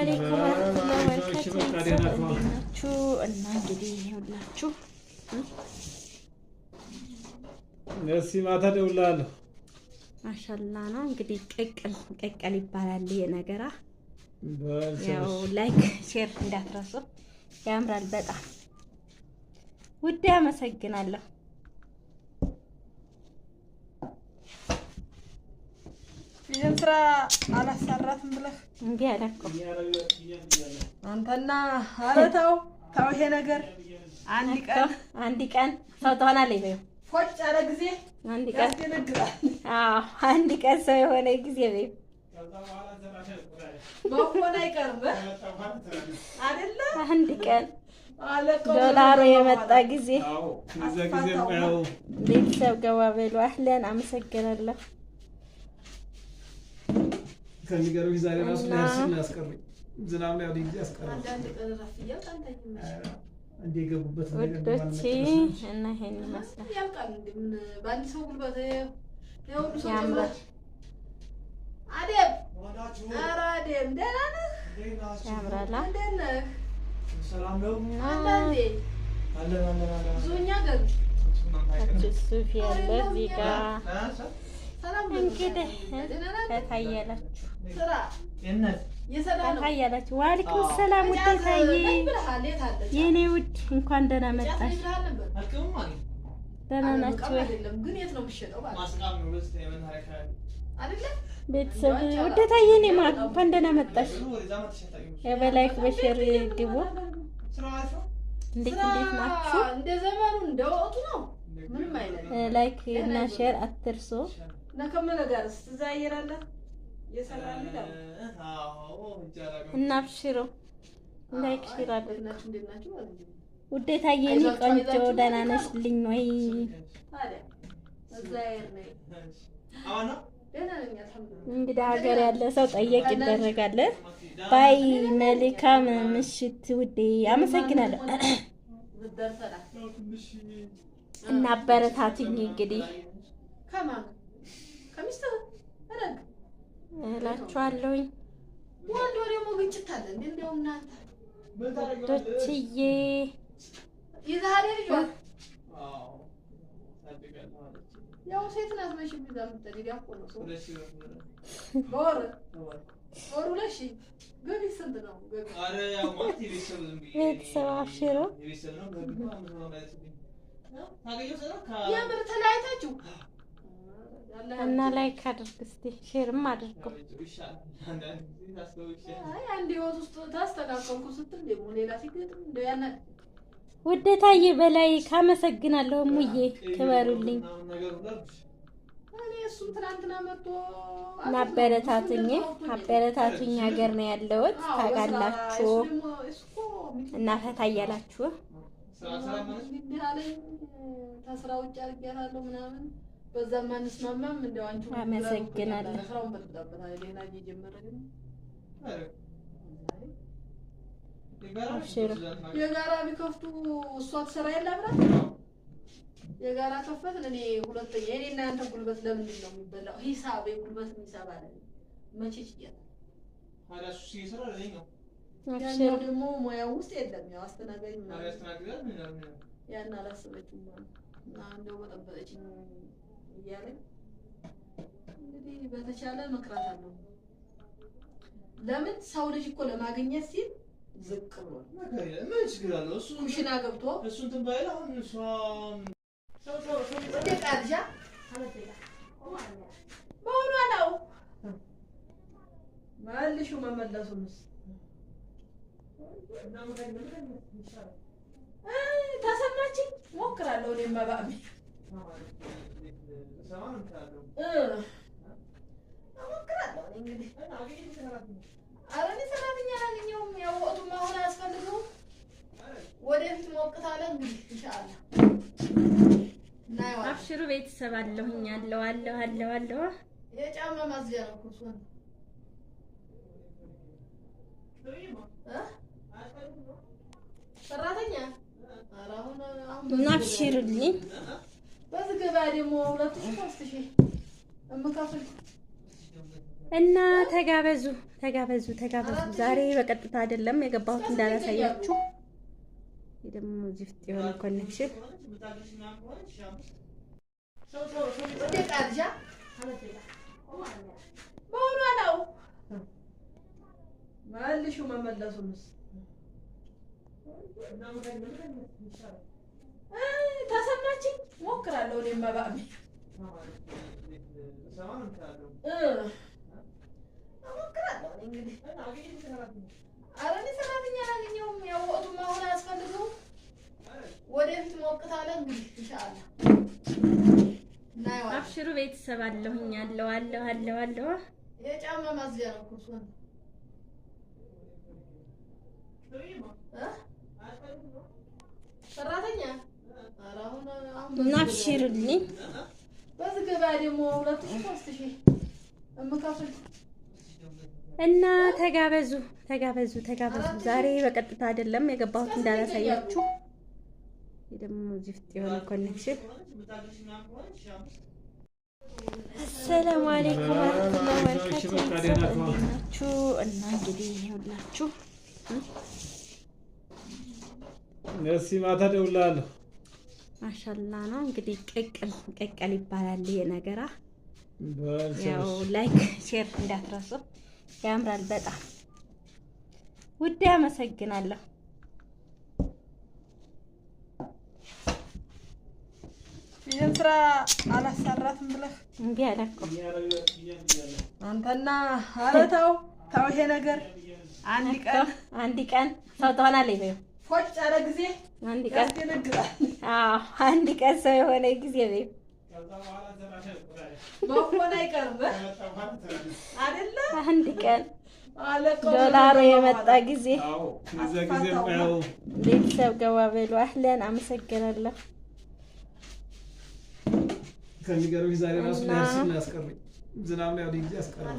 አለይኩም ወበረካቱህ። ናችሁ? እና እንግዲህ ይኸውላችሁ እስኪ ማታ እደውልልሃለሁ። ማሻላ ነው እንግዲህ ቅቅል ቅቅል ይባላል ይሄ ነገራ። ያው ላይክ ሼር እንዳትረሱ። ያምራል በጣም ውዴ፣ አመሰግናለሁ። ይህን ስራ አላሰራትም ብለህ እምቢ አላልኩም። አንተና ኧረ ተው ተው፣ ይሄ ነገር አንድ ቀን አንድ ቀን ሰው ትሆናለች። በይው ፎጭ አለ ጊዜ አንድ ቀን አዎ አንድ ቀን ሰው የሆነ ጊዜ በይው በሆነ አይቀርም አይደለ? አንድ ቀን ዶላሩ የመጣ ጊዜ ቤተሰብ ገባ በሉ። አህለን አመሰግናለሁ። ከሚገርምሽ ዛሬ ራሱ ያስል ያስቀሩ ዝናብ ላይ ወደ ጊዜ ያስቀሩ እንደ የገቡበት እና ይሄን ይመስላል። በአንድ ሁሉ ሰው አዴም ደህና ነህ? ያምራል። እንዴት ነህ? ብዙ እኛ ገብ ሱፍ ያለ እዚህ ጋር እንግዲህ ከታያላችሁ ከታያላችሁ። ዋልክም ሰላም ውድ ታዬ የኔ ውድ እንኳን ደህና መጣሽ። ደህና ናችሁ ወይ ቤተሰብ? ውድ ታዬ የኔ ማር እንኳን ደህና መጣሽ። በላይክ በሼር ድቦ እንዴት እንዴት ናችሁ? ላይክ እና ሼር አትርሶ ከመነ እና ላይክ አድርጉ። የኔ ቆንጆ ደህና ወይ? እንግዲህ ሀገር ያለ ሰው ጠየቅ ይደረጋል። ባይ መልካም ምሽት ውዴ፣ አመሰግናለሁ እና አበረታትኝ እንግዲህ እላችኋለሁኝ። ወንድ ደግሞ ግጭት አለን እንደው እናንተ ወዶችዬ የዛሬ ልጇ ያው ሴት ናት መቼም ይዛ የምትሄድ ያው እኮ ነው በወር ወሩ ለሽ ገቢ ስንት ነው? ቤተሰብ አብሽሮ የምር ተለያይታችሁ እና ላይክ አድርግ እስቲ ሼርም አድርገው። ውደታዬ በላይ ካመሰግናለሁ። ሙዬ ክበሩልኝ፣ አበረታቱኝ አበረታቱኝ። ሀገር ነው ያለሁት ታውቃላችሁ፣ እና ፈታ እያላችሁ በዛ ማንስማማም እንደው አንቺ አመሰግናለሁ። ሌላ እየጀመረ የጋራ ቢከፍቱ እሷ ትሰራ የለ አብራት የጋራ ከፈትን። እኔ ሁለተኛ እኔ እና አንተ ጉልበት ለምንድን ነው የሚበላው? ሂሳብ የጉልበት የሚሰባ መቼ ጭያል ያኛው ደግሞ ሙያው ውስጥ የለም። ያው አስተናጋጅ ያን አላሰበችም እና እንደው በጠበጠችኝ እያለኝ እንግዲህ በተቻለ መክራት ለምን ሰው ልጅ እኮ ለማግኘት ሲል ዝቅ ብሏል። ምን ችግር አለው? እሱ ኩሽና ገብቶ እሱን ትንባይል አሁን እሷ መሆኗ ነው። መልሹ መመለሱንስ ተሰማችኝ። ሞክራለሁ እኔማ ባሚ እሞክራለሁ እንግዲህ። ኧረ እኔ ሰራተኛ አላገኘሁም። ያው ወጡ መሆን አያስፈልገውም። ወደፊት ሞቅታ እንግዲህ አብሽሩ ቤተሰብ አለሁኝ አለው አለው አለው አለው የጫማ ማዝጊያ ነው እኮ ሰራተኛ አሁን እና ተጋበዙ ተጋበዙ ተጋበዙ። ዛሬ በቀጥታ አይደለም የገባሁት እንዳላሳያችሁ። ደግሞ እዚህ የሆነ ኮኔክሽን በሆኗ ነው። መልሹ መመለሱንስ ተሰማችኝ ሞክራለሁ እኔማ ባሚ እሞክራለሁ እንግዲህ። ኧረ ሰራተኛ አላገኘሁም። ያው ወቅቱ መሆን አያስፈልገውም። ወደፊት ሞቅት አለ እንግዲህ ኢንሻላህ አብሽሩ ቤተሰብ አለሁኝ። አለሁ አለሁ አለሁ አለሁ የጫማ ማዝያ ነው እኮ እሱ እና አብሽርልኝ። በዚህ ገበያ ደግሞ ሁለት ሺህ ሦስት ሺህ የምከፍል እና ተጋበዙ ተጋበዙ ተጋበዙ። ዛሬ በቀጥታ አይደለም የገባሁት እንዳላሳያችሁ። ደግሞ ዚፍጥ የሆነ ኮኔክሽን። አሰላሙ አለይኩም ወራህመቱላሂ ወበረካቱ። ናችሁ እና እንግዲህ ይኸውላችሁ። እሺ ማታ ደውላለሁ ማሻላ ነው እንግዲህ ቅቅል ቅቅል ይባላል ይሄ ነገር ያው ላይክ ሼር እንዳትረሱ። ያምራል በጣም ውድ። አመሰግናለሁ። ይህን ስራ አላሰራትም ብለህ እምቢ አለ አንተና። ኧረ ተው ተው፣ ይሄ ነገር አንድ ቀን አንድ ቀን ሰው ትሆናለህ። ሆጭ ያለ ጊዜ አንድ ቀን አዎ፣ አንድ ቀን ሰው የሆነ ጊዜ ቤት አንድ ቀን ዶላሩ የመጣ ጊዜ ቤተሰብ ገባ በሉ። አህለን አመሰግናለሁ። ከሚገርምሽ ዛሬ ራሱ ዝናብ ዝናብ ነው ያው ጊዜ ያስቀረኝ።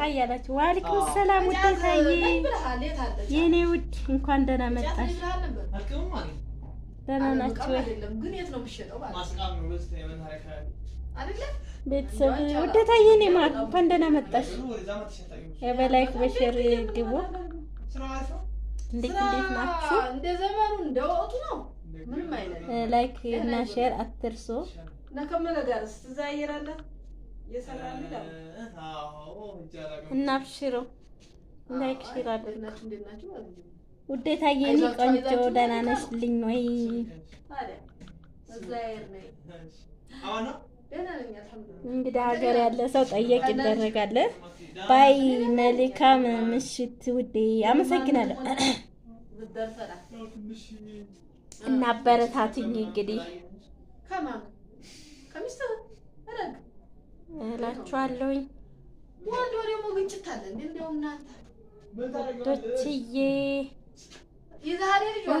ታያላችሁ። ዋልኩም ሰላም ውዴ ታዬ የኔ ውድ እንኳን ደህና መጣሽ። ደህና ናችሁ? ቤተሰብ ውዴ ታዬ የኔ ማር እንኳን ደህና መጣሽ። በላይክ በሼር ግቡ። እንዴት እንዴት ናችሁ? ላይክ እና ሼር አትርሱ። እና ላይክ ሼር የኔ ቆንጆ ደህና ወይ? እንግዲህ ሀገር ያለ ሰው ጠየቅ ይደረጋል። ባይ መልካም ምሽት ውዴ፣ አመሰግናለሁ። እና እንግዲህ እላችኋለሁኝ ዶችዬ ቤተሰብ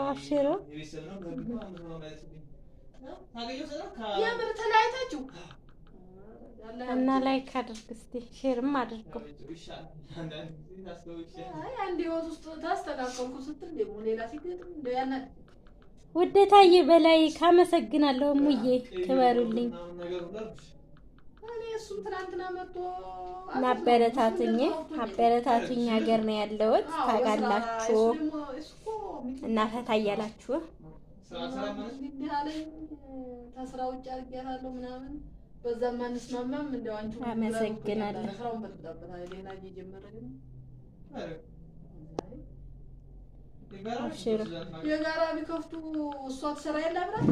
አብሽሮ የምር ተለያይታችሁ እና ላይክ አድርግ እስቲ ሼርም አድርገው። ውደታዬ በላይ ካመሰግናለሁ። ሙዬ ክበሩልኝ፣ አበረታቱኝ አበረታቱኝ። ሀገር ነው ያለሁት ታውቃላችሁ፣ እና ፈታ እያላችሁ በዛ ማንስማማም እንደው አንቺ አመሰግናለሁ። ስራውን በትዳበታል ሌላ እየጀመረ ግን የጋራ ቢከፍቱ እሷ ትሰራ የለ አብራት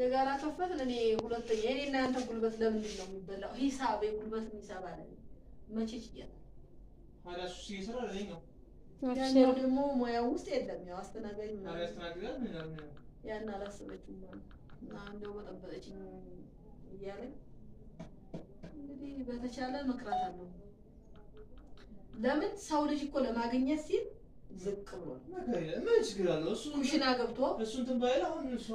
የጋራ ከፈት እኔ ሁለት የኔ እና ያንተ ጉልበት ለምንድን ነው የሚበላው? ሂሳብ የጉልበት ሂሳብ አለ መቼ ጭያል ያኛው ደግሞ ሙያው ውስጥ የለም ያው አስተናጋጅ ያን አላሰበችም እና እንደው በጠበጠችኝ እያለኝ እንግዲህ በተቻለ መቅራት አለው። ለምን ሰው ልጅ እኮ ለማግኘት ሲል ዝቅ ብሎ ምን ችግር አለው? እሱ ኩሽና ገብቶ እሱ እንትን ባይል አሁን እሷ